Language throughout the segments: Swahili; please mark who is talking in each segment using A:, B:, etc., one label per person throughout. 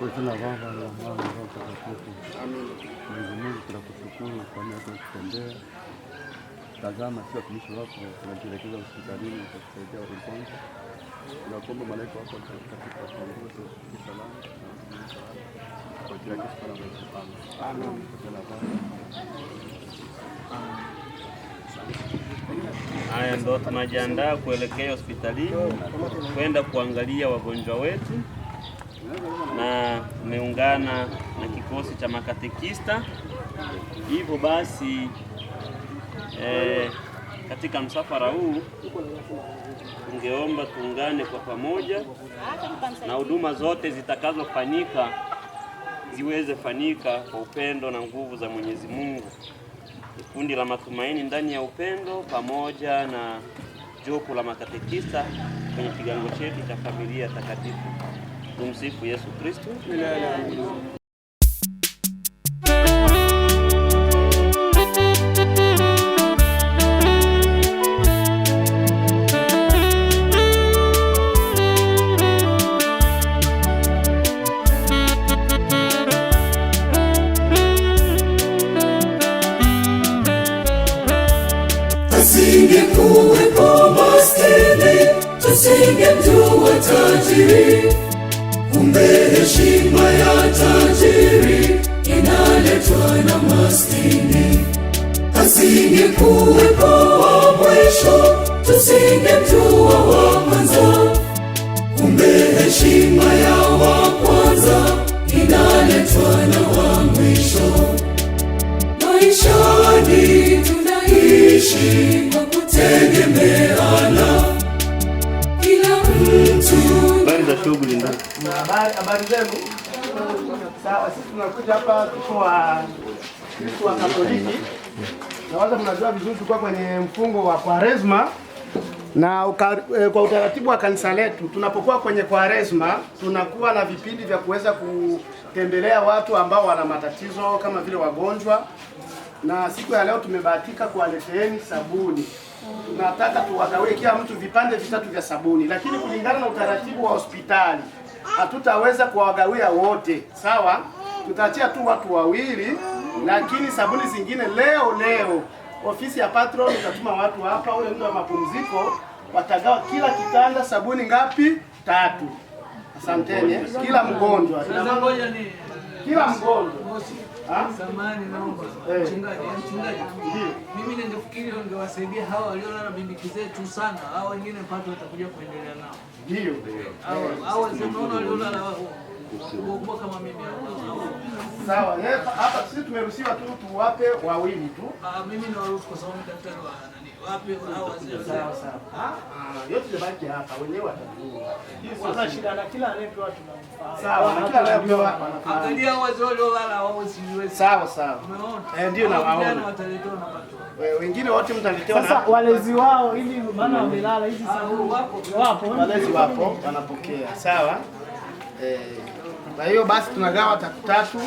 A: Jina Baba na Mwana na Roho Mtakatifu. Mwenyezi Mungu, tunakushukuru kwa Tazama sisi watumishi wako tunajielekeza hospitalini kusaidia wagonjwa. Tunakuomba malaika wako salama kwa kwa Haya ndo tunajiandaa kuelekea hospitalini kwenda kuangalia wagonjwa wetu na umeungana na kikosi cha makatekista. Hivyo basi eh, katika msafara huu tungeomba tuungane kwa pamoja, na huduma zote zitakazofanyika ziweze fanyika kwa upendo na nguvu za Mwenyezi Mungu. Kundi la Matumaini ndani ya Upendo pamoja na jopo la makatekista kwenye kigango chetu cha Familia Takatifu. Dumnezeu cu Jesus Cristo.
B: Heshima ya wa kwanza inaletwa na wa mwisho. Maisha ni tunaishi kwa kutegemeana, kila mtu.
A: Habari za shughuli ndugu.
C: Habari habari zenu. Sawa, sisi tunakuja hapa kwa Kristo wa Katoliki, nawaza mnajua vizuri, tulikuwa kwenye mfungo wa Kwaresma na uka, e, kwa utaratibu wa kanisa letu tunapokuwa kwenye Kwaresma tunakuwa na vipindi vya kuweza kutembelea watu ambao wana matatizo kama vile wagonjwa, na siku ya leo tumebahatika kuwaleteeni sabuni. Tunataka tuwagawie kila mtu vipande vitatu vya sabuni, lakini kulingana na utaratibu wa hospitali hatutaweza kuwagawia wote, sawa? Tutaachia tu watu wawili, lakini sabuni zingine leo leo ofisi ya patron utatuma watu hapa, ule muda wa mapumziko watagawa kila kitanda sabuni ngapi? Tatu. Asanteni kila mgonjwa,
D: kila mgonjwa samani, naomba eh. mchungaji, yaani mchungaji, mimi ningefikiri ungewasaidia hawa waliolala bibiki zetu sana, hao wengine pato watakuja kuendelea nao, ndio hao waliolala
C: Sawa, hapa sisi tumeruhusiwa tu tuwape wawili tu.
D: Ah, mimi nawaruhusu kwa sababu daktari wa nani? Wape au wazee. Sawa
C: sawa. Ah, ah yote yabaki hapa wenyewe
D: watajua. Sasa shida na kila anayepewa
C: tunamfahamu. Sawa, kila anayepewa hapa.
D: Angalia wazee wale wala wao siwezi.
C: Sawa sawa. Eh, ndio na wao. Wengine wote mtaletewa na
D: Sasa walezi wao ili maana wamelala hizi ah, sababu wapo.
C: Wapo. Walezi wapo wanapokea. Sawa. Eh, kwa hiyo basi tunagawa tatu tatu.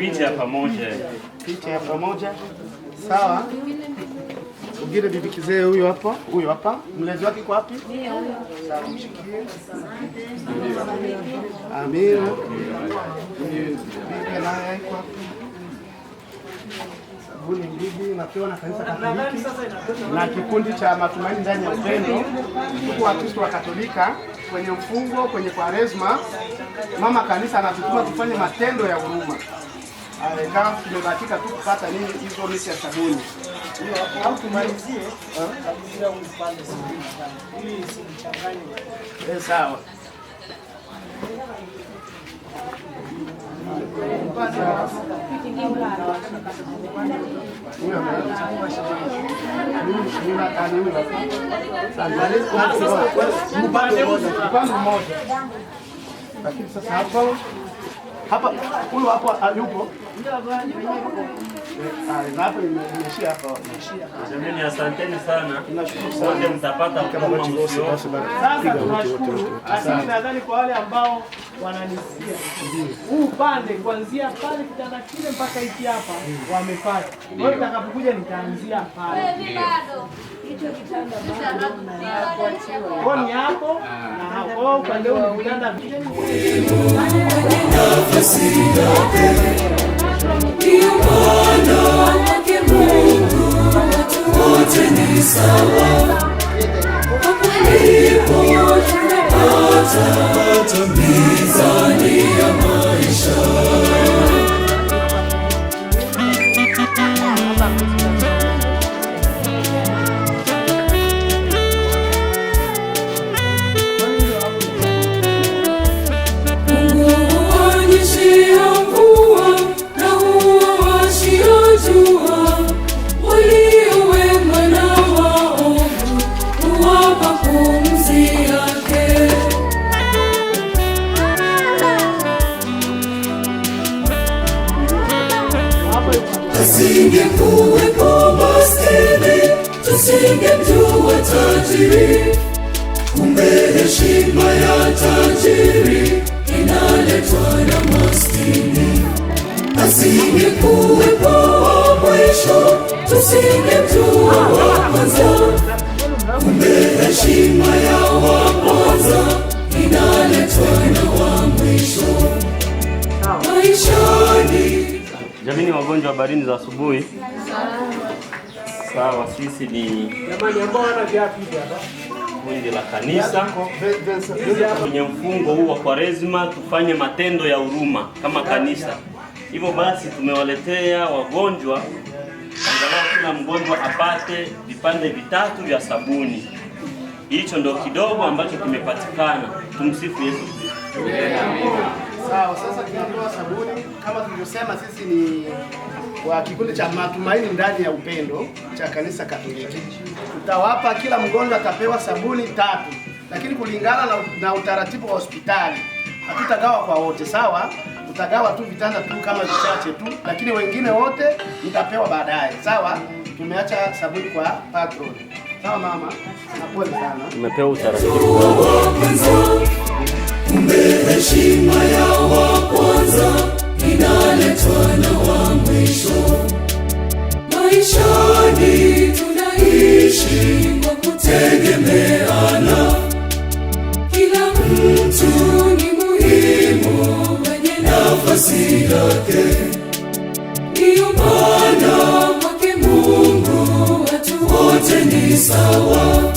A: Picha ya pamoja,
C: picha ya pamoja, sawa. Ugire bibi kizee huyo hapa, huyo hapa. Mlezi wake kwa wapi? Amina. Buni Ngigi napewa na kanisa Katoliki na kikundi cha Matumaini ndani ya Upendo, huku Wakristo wa Katolika kwenye mfungo, kwenye Kwaresma, mama kanisa anatutuma tufanye matendo ya huruma. Ikawa tumebahatika tu kupata nini hizo miti ya sabuni eh, sawa upande mmoja, lakini sasa hapa hapa huyo hapo ah, yupo
A: Jamani, asanteni sana wote, mtapata
D: Nadhani kwa wale ambao wananisikia huu upande kuanzia pale kitanda kile mpaka hiki hapa wamepata. Kwa hiyo nitakapokuja nitaanzia pale
C: koni hapo na ah. upande huu vitanda
B: Kiupande Mungu wote ni sawa.
A: asubuhi. Sawa, sisi ni kundi la kanisa kwenye mfungo huu wa Kwaresma, tufanye matendo ya huruma kama kanisa. Hivyo basi tumewaletea wagonjwa, angalau kila mgonjwa apate vipande vitatu vya sabuni. Hicho ndo kidogo ambacho kimepatikana. Tumsifu Yesu Kristo.
C: Sawa, sasa tunatoa sabuni kama tulivyosema, sisi ni wa kikundi cha Matumaini ndani ya Upendo cha Kanisa Katoliki. Tutawapa, kila mgonjwa atapewa sabuni tatu, lakini kulingana na, na utaratibu wa hospitali hatutagawa kwa wote sawa. Tutagawa tu vitanda tu kama vichache tu, lakini wengine wote mtapewa baadaye sawa. Tumeacha sabuni kwa patron sawa. Mama, napole sana,
A: umepewa utaratibu
B: umeheshima ya wa kwanza inaletwa na wa mwisho. Maishani tunaishi kwa kutegemeana, kila mtu ni muhimu kwenye nafasi yake. Ndiyo maana kwake Mungu watu wote ni sawa.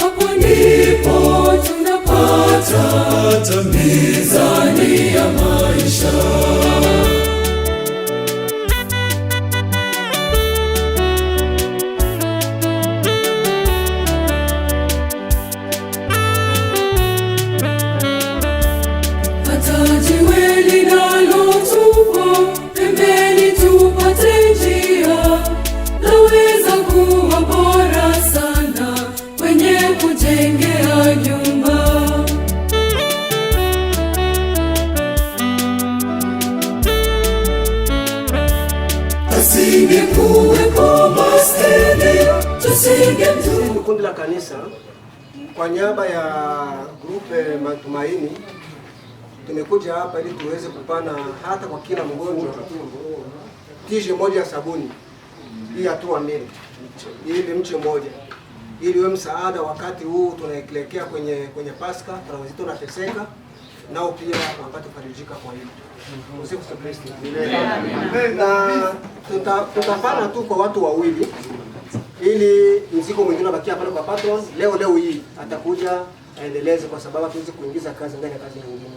B: Hapo ndipo tunapata
C: tishe moja ya sabuni hii hatua mbili ili mche mmoja ili we msaada wakati huu tunaelekea kwenye kwenye Pasaka, na nateseka nao pia wapate kufarijika kwa hilo. Usifu Kristo. Na tutapana tu kwa watu wawili ili mzigo mwingine abakia pale kwa patron. Leo leo hii atakuja aendeleze, kwa sababu hatuwezi kuingiza kazi ndani ya kazi nyingine.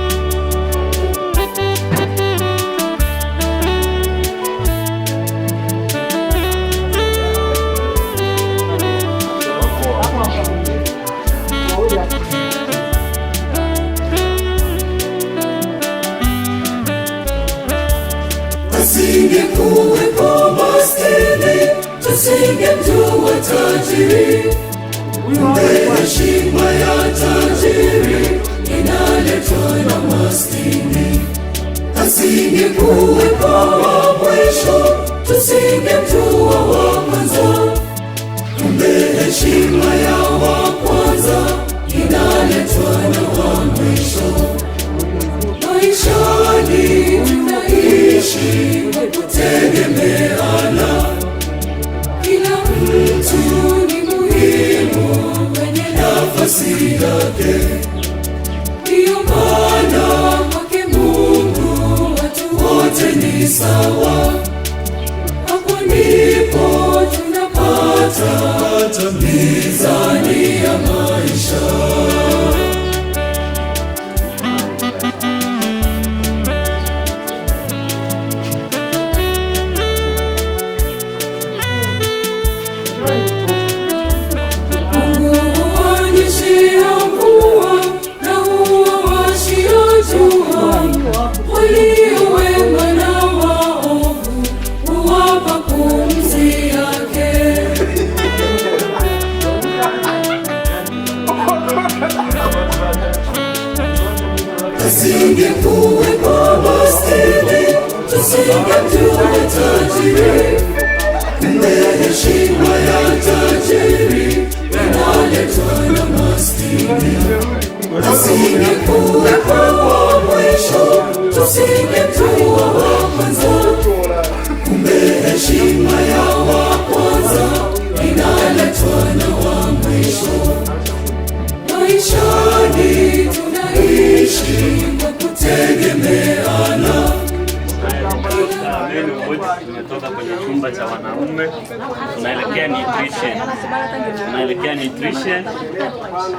B: Tungekuwepo maskini, tusingemjua tajiri. Heshima ya tajiri inaletwa na maskini. Asingekuwepo wa mwisho, tusingemjua wa kwanza. Heshima ya wa kwanza inaletwa na wa mwisho. Maisha kuishi kutegemeana. Kila mtu ni muhimu kwenye nafasi yake, ndiyo maana kwake Mungu watu wote ni sawa.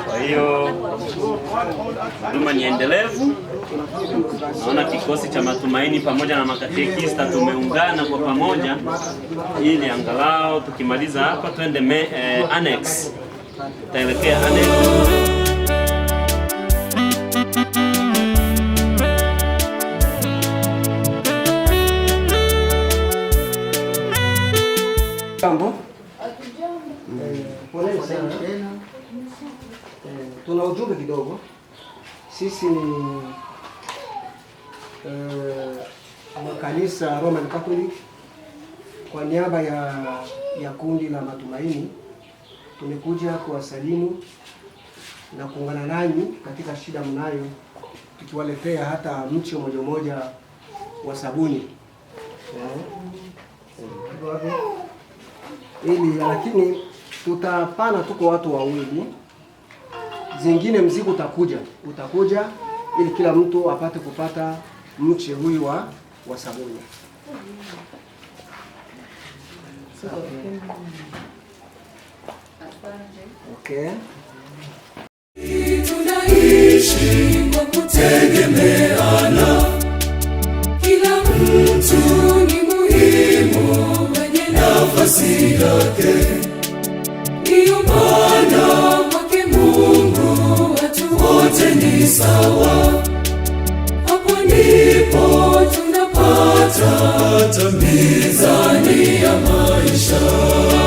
A: Kwa hiyo huduma ni endelevu. Naona kikosi cha matumaini pamoja na makatekista tumeungana kwa pamoja, ili angalau tukimaliza hapa twende eh, annex, taelekea annex.
C: Jambo sana tena. Eh, tuna ujumbe kidogo sisi ni makanisa eh, Roman Catholic, kwa niaba ya ya kundi la Matumaini tumekuja kuwasalimu na kuungana nanyi katika shida mnayo, tukiwaletea hata mche moja moja wa sabuni eh, ili lakini tutapana, tuko watu wawili, zingine mziki utakuja utakuja, ili kila mtu apate kupata mche huyu wa wa sabuni. Okay.
B: Tunaishi kwa kutegemeana, kila mtu ni muhimu kwenye nafasi yake. sawa, hapo ndipo tunapata mizani ya maisha.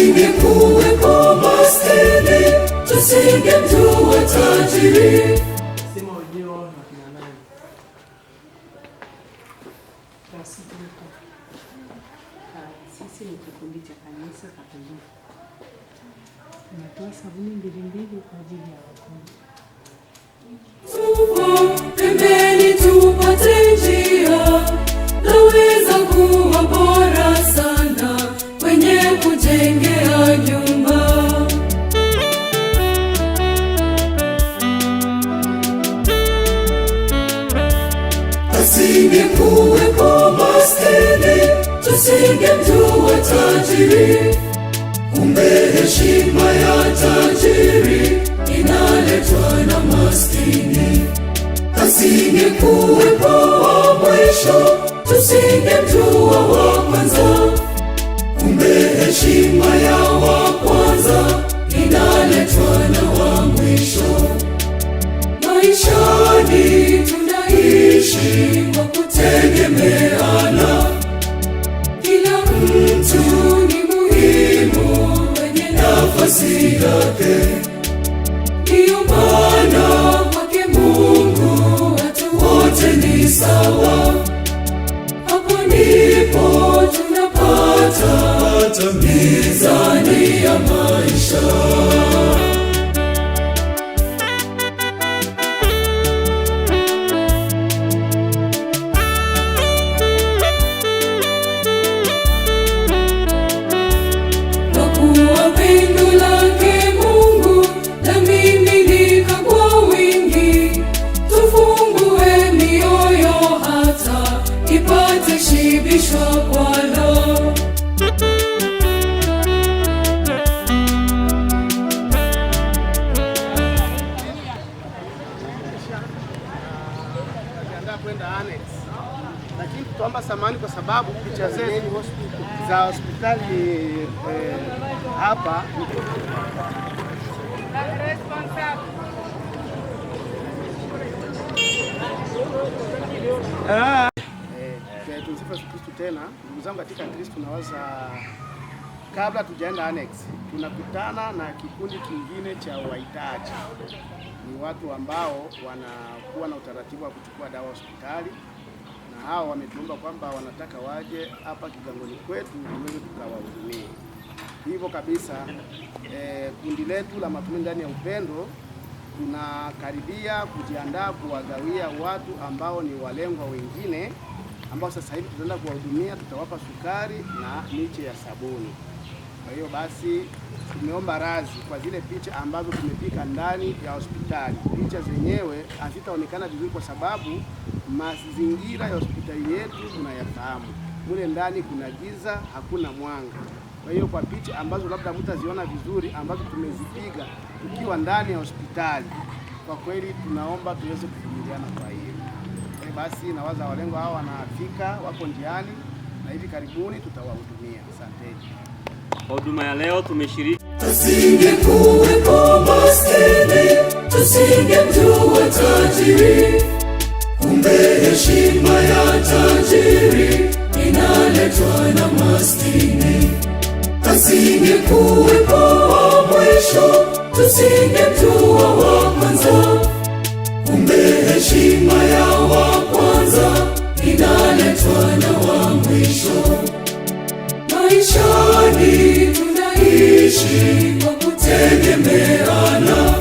B: Ningekuweko maskini, tusingemjua tajiri.
A: Ah, kanisa Katoliki, tunatoa sabuni mbili mbili kwa ajili ya wagonjwa.
B: ningemjua tajiri, kumbe heshima ya tajiri inaletwa na maskini. Asingekuwepo wa mwisho, tusingemjua wa kwanza, kumbe heshima ya wa kwanza inaletwa na wa mwisho. Maishani tunaishi kwa kutegemea nafasi yake. Ndiyo maana kwake Mungu watu wote ni sawa. Hapo ndipo tunapata mizani ya maisha. kushibishwa kwa Roho.
C: Lakini tuomba samani kwa sababu picha zetu za hospitali eh, hapa ah sifa Kristo. Tena ndugu zangu katika Kristo, nawaza kabla tujaenda annex, tunakutana na kikundi kingine cha wahitaji. Ni watu ambao wanakuwa na utaratibu wa kuchukua dawa hospitali, na hao wametuomba kwamba wanataka waje hapa kigangoni kwetu tuweze tukawahudumia. Hivyo kabisa eh, kundi letu la matumaini ndani ya upendo tunakaribia kujiandaa kuwagawia watu ambao ni walengwa wengine ambao sasa hivi tutaenda kuwahudumia, tutawapa sukari na miche ya sabuni. Kwa hiyo basi tumeomba radhi kwa zile picha ambazo tumepika ndani ya hospitali. Picha zenyewe hazitaonekana vizuri kwa sababu mazingira ya hospitali yetu tunayafahamu, mule ndani kuna giza, hakuna mwanga. Kwa hiyo kwa picha ambazo labda mtaziona vizuri ambazo tumezipiga tukiwa ndani ya hospitali, kwa kweli tunaomba tuweze kuvumiliana. Kwa hiyo basi nawaza walengwa hao wanafika, wako njiani na hivi karibuni tutawahudumia. Asanteni
A: kwa huduma ya leo. Tumeshiriki
B: tusingekuwepo maskini, tusingemjua tajiri, kumbe heshima ya tajiri inaletwa na maskini. Tusingekuwepo wa mwisho, tusingemjua wa kwanza, kumbe Heshima ya wa kwanza inaletwa na wa mwisho. ni tunaishi kwa kutegemeana,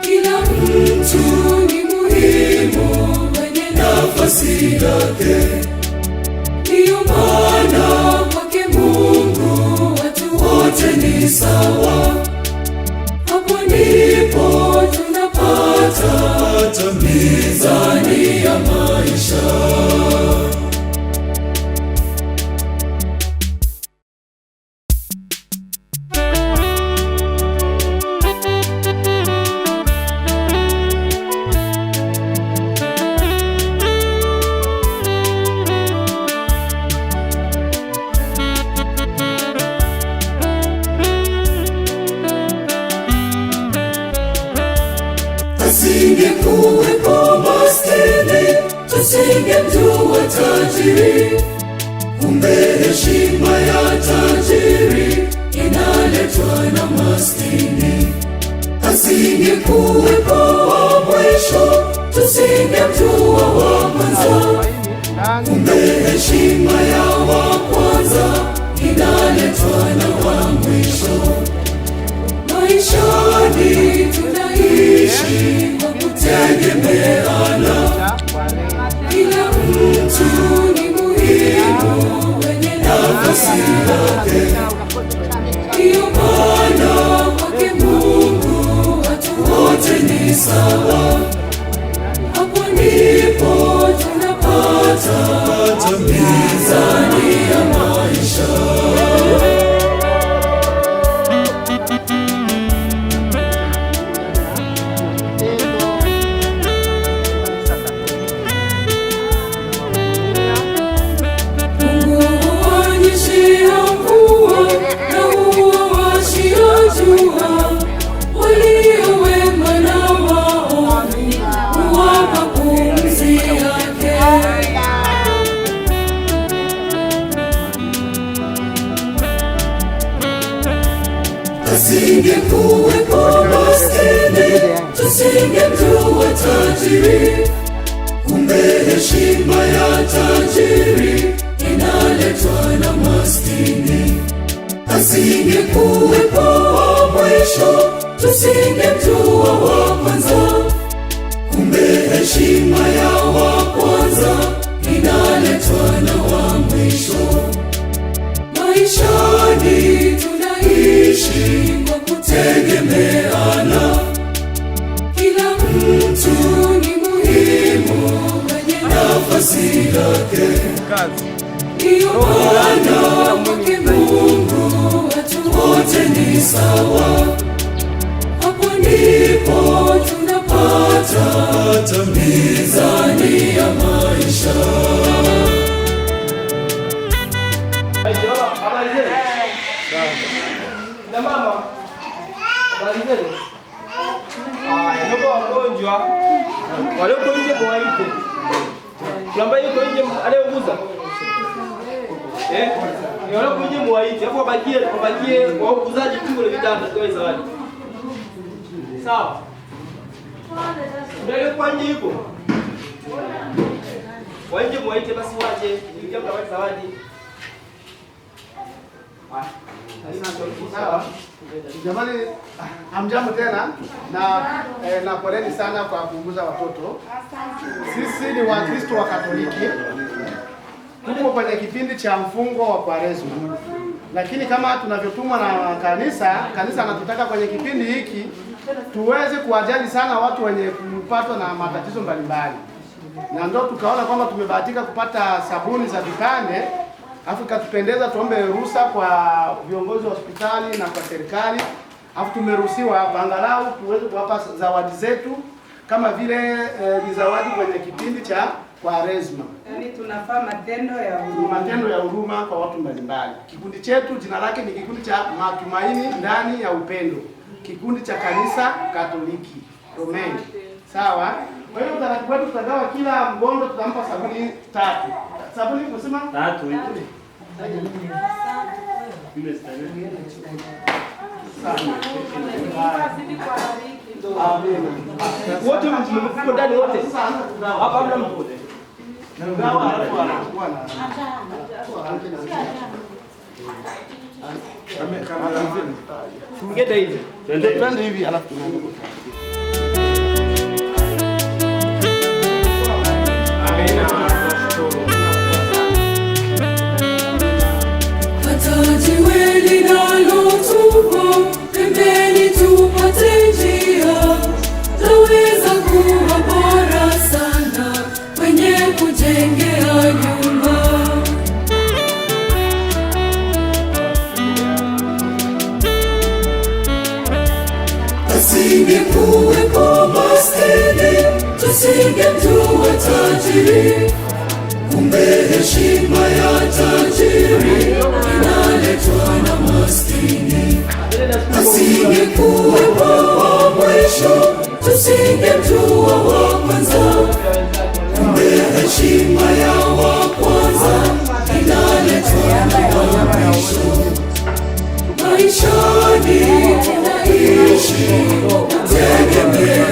B: kila mtu ni muhimu kwenye nafasi yake. Ndiyo maana kwake Mungu watu wote ni sawa. sawa, hapo ndipo tunapata mizani ya maisha.
C: Na waliokuja muwaite, afu wabakie wabakie wauguzaji tu kule vitanda kwa zawadi. Sawa. Ndio kwa nje yuko. Waje muwaite basi waje, ndio kama zawadi. Jamani, hamjambo tena na eh, na poleni sana kwa kuuguza watoto. Sisi ni Wakristo wa Katoliki tuko kwenye kipindi cha mfungo wa Kwaresma, lakini kama tunavyotumwa na kanisa, kanisa anatutaka kwenye kipindi hiki tuweze kuwajali sana watu wenye kupatwa na matatizo mbalimbali, na ndio tukaona kwamba tumebahatika kupata sabuni za vipande, afu ikatupendeza tuombe ruhusa kwa viongozi wa hospitali na kwa serikali, afu tumeruhusiwa hapa angalau tuweze kuwapa zawadi zetu kama vile eh, ni eh, zawadi kwenye kipindi cha Kwaresma,
D: yaani tunafaa matendo ya huruma,
C: matendo ya huruma kwa watu mbalimbali. Kikundi chetu jina lake ni kikundi cha matumaini ndani ya upendo, kikundi cha kanisa Katoliki Amen. Sawa. Kwa hiyo utaratibu wetu tutagawa kila mgondo tutampa sabuni tatu. Sabuni kusema tatu hiyo. Wote mko ndani wote. Hapa hamna mmoja. Tumgete hivi. Twende hivi alafu
B: usingemjua tajiri, kumbe heshima ya tajiri inaletwa na maskini. Asingekuwepo wa mwisho, tusingemjua wa kwanza, kumbe heshima ya wa kwanza inaletwa na wa mwisho. Maishani tunaishi tegemea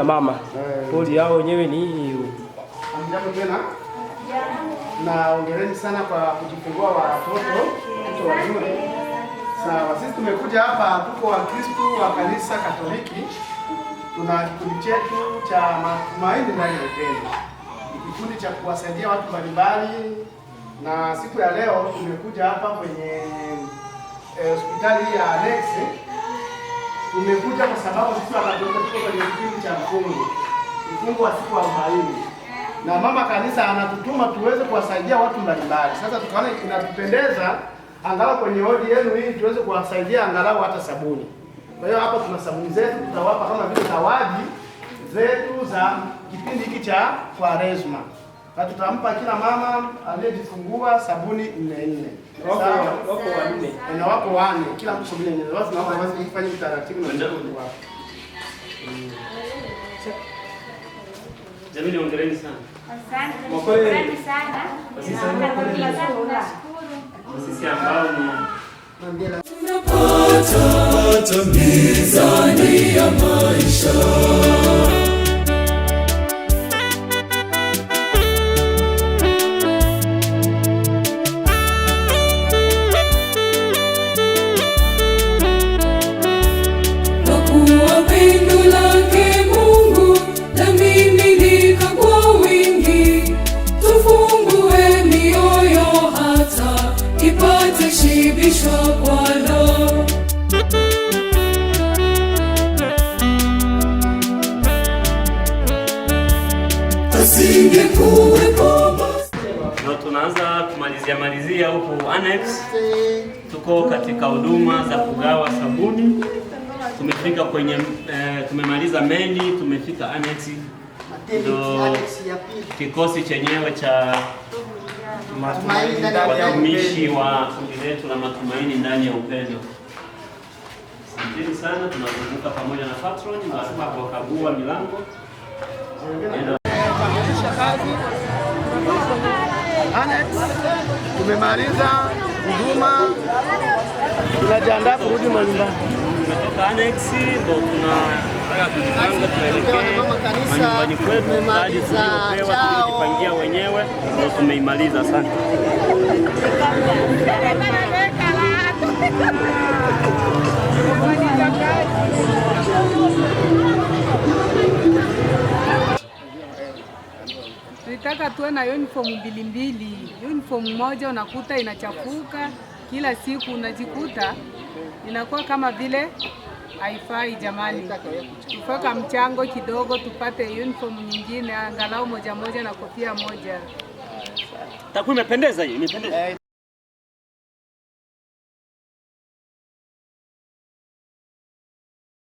C: na mama eh. poli yao wenyewe ni hiyo. Amjambo tena na ongereni sana kwa kujifungua watoto watoto wazuri. Sawa, sisi tumekuja hapa, tuko Kristo wa kanisa Katoliki, tuna kikundi chetu cha matumaini ndani ya upendo, ni kikundi cha kuwasaidia watu mbalimbali, na siku ya leo tumekuja hapa kwenye eh, hospitali eh, ya Alex umekuja kwa sababu sisi wakatolika tuko kwenye kipindi cha mfungo, mfungo wa siku arobaini na mama kanisa anatutuma tuweze kuwasaidia watu mbalimbali. Sasa tukaona inatupendeza angalau kwenye odi yenu hii tuweze kuwasaidia angalau hata sabuni. Kwa hiyo hapa tuna sabuni zetu, tutawapa kama vile zawadi zetu za kipindi hiki cha Kwaresma na tutampa kila mama aliyejifungua sabuni nne nne. Wako wanne eh, na wako wanne, kila mtu sabuni nne. Basi naomba basi ifanye utaratibu na ndugu wako. Hmm.
A: Jamii, hongereni sana.
E: Asante sana. Sisi ambao
B: ni tunapata mizani ya maisha
A: kwenye eh, tumemaliza meni, tumefika annex, ndo kikosi chenyewe cha watumishi wa kundi letu la matumaini ndani ya upendo. Asanteni sana, tunazunguka pamoja na patron wakagua milango
C: Annex, tumemaliza huduma, tunajiandaa kurudi nyumbani
A: tumetoka annex ndo tunataka kujipanga tuelekee manyumbani kwetu, hadi tuliopewa tulijipangia wenyewe ndo tumeimaliza sana.
D: Tulitaka tuwe na uniform mbili mbili. Uniform moja unakuta inachafuka kila siku unajikuta inakuwa kama vile haifai. Jamani, tufaka mchango kidogo tupate uniform nyingine angalau moja moja na kofia moja.
C: Takwimu imependeza hiyo, imependeza. Eh,